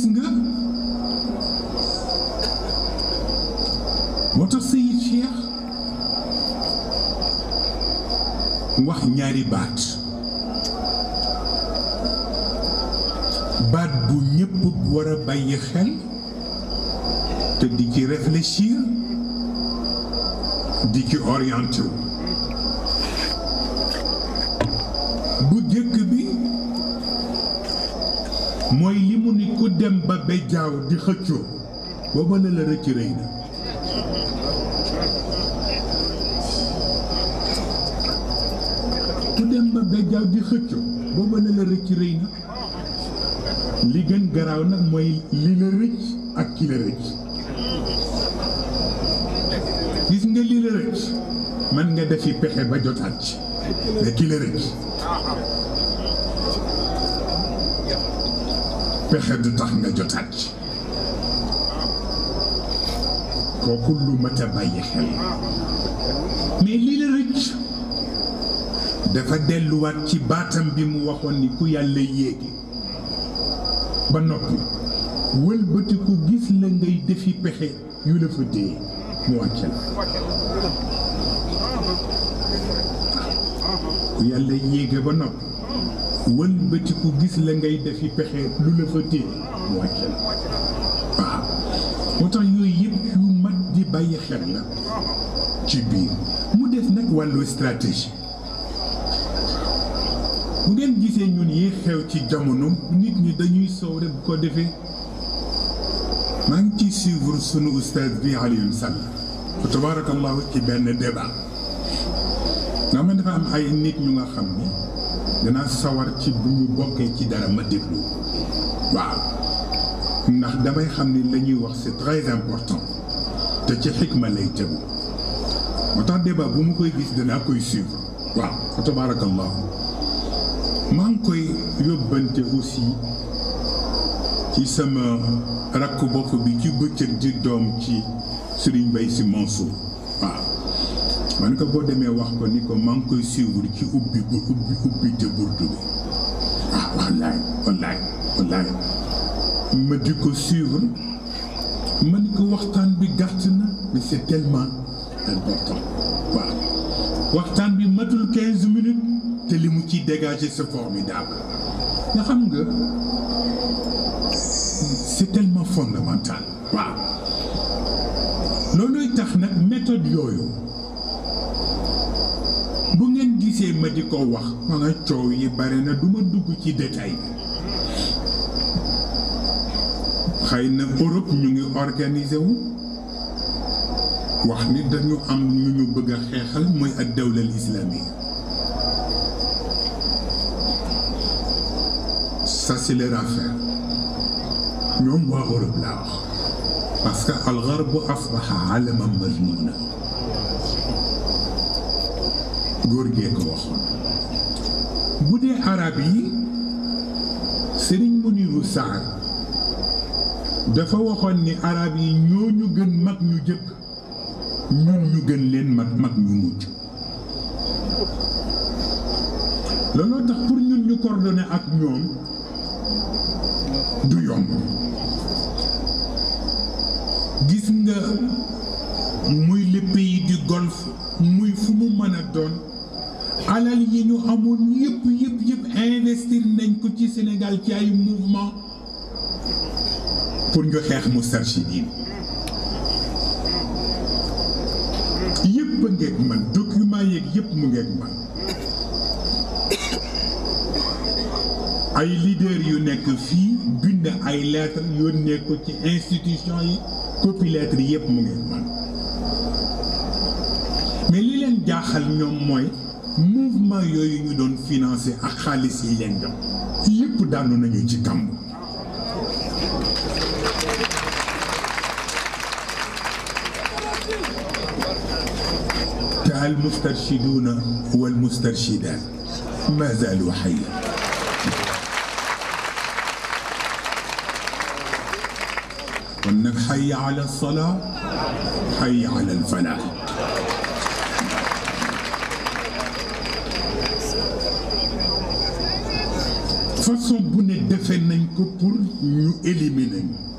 gis nga wax ñaari baat baat bu ñëpp war a bàyyi xel te di ci réfléchir di ci orienté mu ni dem ba bejjaaw di xëccoo ba mën a la rëcc rëy na ku dem ba bejjaaw la rëcc rëy na li gën garaaw nag mooy li la rëcc ak ki rëcc gis nga li la rëcc mën nga defi pexe ba jotaat ci mais ki rëcc pexe du tax nga jotaat ci kooku lu mat a bàyyi xel mais lii la rëcc dafa delluwaat ci baatam bi mu waxoon ni ku yàlla yéegi ba noppi wëlbatiku gis la ngay defi pexe yu la fa mu wàcce la ku yàlla yéege ba noppi wëlbati ku gis la ngay defi pexe lu la fa téye mu wàcc yooyu yëpp yu mat di bàyyi xel la ci biir mu des nag wàllu stratégie bu ngeen gisee ñun yi xew ci jamono nit ñi dañuy soow rek ko defee man ngi ciy suivre sunu oustaz bi Alioune Sall fa tabaarakallahu ci benn débat nga xam ne dafa am ay nit ñu nga xam ni danaa sawar ci bu ñu bokkee ci dara ma déglu waaw ndax damay xam ni lañuy wax ci très important te ci xikma lay tegu moo tax débat bu mu koy gis danaa koy suivre waaw fa tabarakallah maa koy yóbbante aussi ci sama rakk bokk bi ci bëccëg di doom ci Serigne Mbaye Sy Mansour waaw man ko boo demee wax ko ni ko maa koy suivre ci ubbi bu ubbi ubbi te burtu bi ah wallaay wallaay wallaay di ko suivre man ko waxtaan bi gàtt na mais c'est tellement important waaw waxtaan bi matul quinze te li mu ciy dégager c'est formidable nga xam nga c'est tellement fondamental waaw looluy tax nag méthode yooyu gisee ma di ko yi bare na du dugg ci détail xëy na Europe ñu ngi organisé wu wax ni dañu am ñu ñu bëgg xeexal mooy ak dawlal islamique ça c'est ñoom waa Europe laa wax parce que al-gharbu asbaha alaman góor gee ko waxoon bu dee arab yi Sëriñ Muniru Saar dafa waxoon ni arab yi ñoo ñu gën mag ñu jëkk ñun ñu gën leen mag mag ñu mujj looloo tax pour ñun ñu coordonné ak ñoom du yomb gis nga muy les pays du golfe muy fu mu mën a doon alal yi ñu amoon yëpp yëpp investir nañ ko ci senegal ci ay mouvement pour ñu xeex Moustarchidine yëpp a ngeeg man document yeeg yëpp mu ngeeg man ay leader yu nekk fii bind ay lettre yónnee ko ci institution yi copie lettre mu ngeeg man mais li leen jaaxal ñoom mooy mouvement yooyu ñu doon financé ak xaalis yi leen jox yëpp daanu nañu ci kàmb te al mustarshiduuna ma zaalu xayya kon nag xayya ala salaa xayya ala al falaax façon bu ne defe nañ ko pour ñu éliminer